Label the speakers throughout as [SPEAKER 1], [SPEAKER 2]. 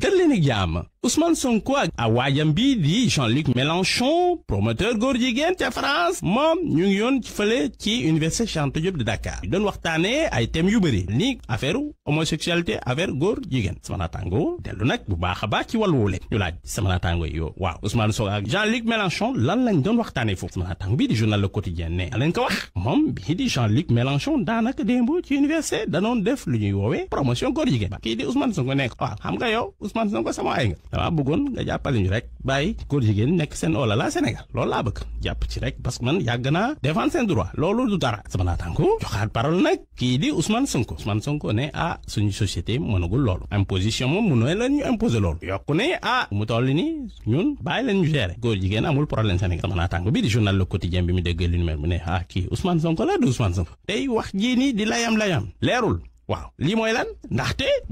[SPEAKER 1] dal leen ak jàmm Ousmane Sonko ak waajam bi di Jean-Luc Mélenchon promoteur góor jigéen ca France moom ñu ngi yoon fële ci université Cheikh Anta Diop de Dakar ñu doon waxtaanee ay thèmes yu bëri ni affaire homosexualité affaire góor jigéen sama naataango dellu nag bu baax a baax ci wàlluwule ñu laaj sama naataango yi yow waaw Ousmane Sonko ak Jean-Luc Mélenchon lan lañ doon waxtaanee foofu sama naataango bii di journal Le Quotidien ne lañ ko wax moom bii di Jean-Luc Mélenchon daanaka démb danoon def lu ñuy woowee promotion góor jigéen ba kii di Ousmane Sonko nekk waaw xam nga yow sama ay damaa bëggoon nga jàppale rek bàyyi góor jigéen nekk seen oola la Sénégal loolu laa bëgg jàpp ci rek parce que man yàgg naa défendre seen droit loolu du dara sama naataango joxaat parole nag kii di Ousmane Sonko Ousmane Sonko ne ah suñu société mënagul loolu imposition moom mënoo leen ñu imposer loolu yokku ne a mu toll ni ñun bàyyi leen ñu gérer góor jigéen amul problème Sénégal sama naataango bi di journal Le bi mu déggee lu numéro bi ne ah kii Ousmane Sonko la du Ousmane Sonko tey wax jii nii di layam layam leerul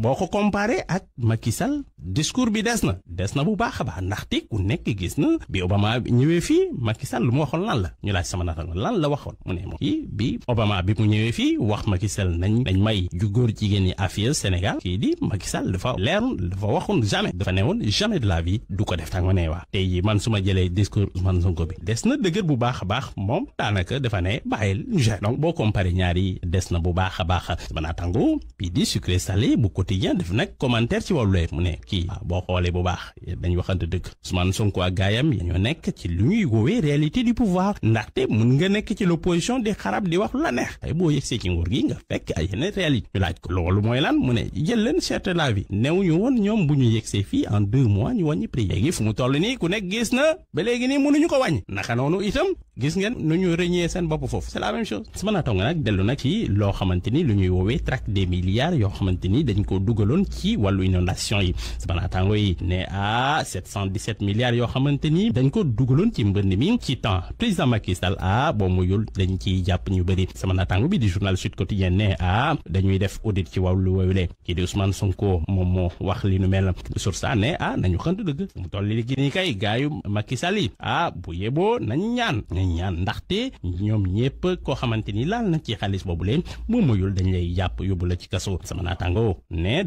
[SPEAKER 1] boo ko comparé ak Macky Sall discours bi des na des na bu baax a baax ndaxte ku nekk gis na bi Obama ñëwee fii Macky Sall lu ma waxoon lan la ñu laaj sama naataango lan la waxoon mu ne moom kii bi Obama bi mu ñëwee fii wax Macky Sall nañ nañ may ju góor jigéen ñi affaire Sénégal kii di Macky Sall dafa leerul dafa waxoon jamais dafa woon jamais de la vie du ko def tàng nee ne waa tey yi man su ma jëlee discours Ousmane Sonko bi des na dëgër bu baax a baax moom daanaka dafa ne bàyyil Niger donc boo comparé ñaari des na bu baax a baax sama naataango bii di sucré salé bu quotidien def nag commentaire ci wàllu mu ne kii waaw boo xoolee bu baax dañ waxante dëgg Ousmane Sonko ak gaayam ya ñoo nekk ci lu ñuy woowee réalité du pouvoir ndaxte mën nga nekk ci l'opposition di xarab di wax la neex ay boo yegsee ci nguur gi nga fekk ay yeneen réalité ñu laaj ko loolu mooy lan mu ne jël leen cherté la vie new ñu woon ñoom bu ñu yegsee fii en deux mois ñu wàññi prix léegi fu mu toll nii ku nekk gis na ba léegi nii mënuñu ko wàññ naka noonu itam gis ngeen nu ñu rëñee seen bopp foofu c'est la su mën a tong nag dellu nag ci loo xamante ni lu ñuy woowee traque des milliards yoo xamante ni dañ ko dugaloon ci wàllu inondation yi sama naataango yi ne ah 717 milliards yoo xamante ni dañ ko dugaloon ci mbënd mi ci temps président Macky Sall ah boo muyul dañ ciy jàpp ñu bëri sama naataango bi di journal Sud Quotidien ne ah dañuy def audit ci wàllu woyule kii di Ousmane Sonko moom moo wax li nu mel source a ne ah nañu xant dëgg mu toll léegi nii kay gaayu Macky Sall yi ah bu yeboo nañ ñaan nañ ñaan ndaxte ñoom ñëpp koo xamante ni laal na ci xaalis boobu leen boo muyul dañ lay jàpp yóbbu la ci kaso sama naataango ne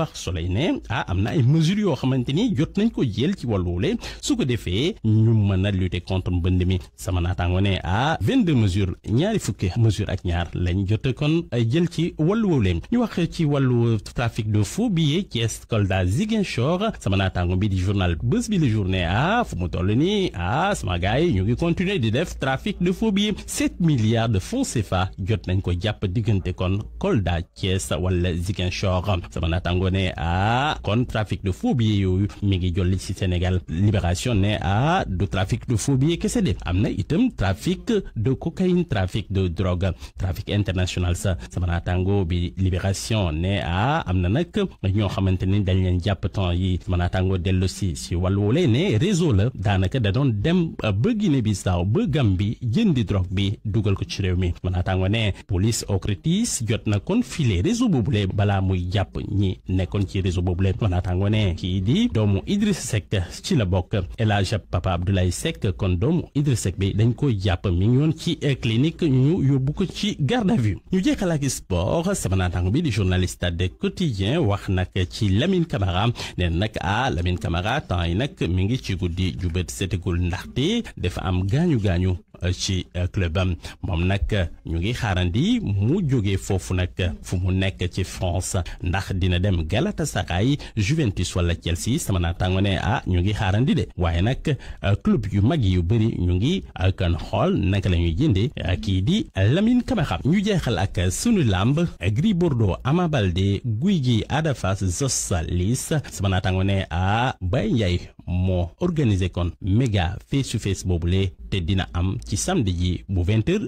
[SPEAKER 1] wax Soleil ne ah am na ay mesures yoo xamante ni jot nañ ko jël ci wàlluwule su ko defee ñu mën a lutter contre mbënd mi sama naataango a vingt de mesures ñaari fukki mesure ak ñaar lañ jot kon ay jël ci wàlluwule ñu wax ci wàllu trafic de faux billets Thiès Kolda sama naataango bi di journal bés bi la journée ah fu mu toll nii ah sama gars yi ñu ngi continuer di def trafic de faux billets 7 milliards de francs CFA jot nañ ko jàpp diggante kon Kolda Thiès wala Ziguinchor sama naataango ne ah kon kon trafic de faux billets yooyu mi ngi jolli ci Sénégal Libération ne ah du trafic de faux billets kese de am na itam trafic de cocaïne trafic de drogue trafic international sa sama naataango bi Libération ne ah am na nag ñoo xamante ni dañ leen jàpp temps yi sama naataango dellu si si wàllu woolee ne réseau la daanaka da doon dem ba Guinée-Bissau ba Gambie jëndi drogue bi dugal ko ci réew mi sama ne police Ocrétis jot na kon filé réseau boobule balaa muy naataango ne kii di doomu Idriss Seck ci la bokk El Hadj Papa Abdoulaye Seck kon doomu Idriss Seck bi dañ koy jàpp mi ngi yoon ci eh, clinique ñu yóbbu ko ci garde à vue ñu jeexal ak sport sama naataango bi di journaliste de quotidien wax nag ci Lamine Camara nen nag ah Lamine Camara temps yi nag mi ngi ci guddi jubët setegul ndaxte dafa am gaañu gaañu ci euh, clubam moom nag ñu ngi xaarandi mu jóge foofu nag fu mu nekk ci France ndax dina dem Galatasaray Juventus wala Chelsea sama naataango ne ah ñu ngi xaarandi de waaye nag euh, club yu mag yu bëri ñu ngi euh, kan xool naka lañuy ñuy jëndee kii di Lamine Camara ñu jeexal ak sunu làmb Gris Bordeaux Ama Baldé guy gi adafas Fass Zoss Liss sama naataango ne ah Baye Ndiaye moo organisé kon méga face to face boobule te dina am ci samedi ji bu 20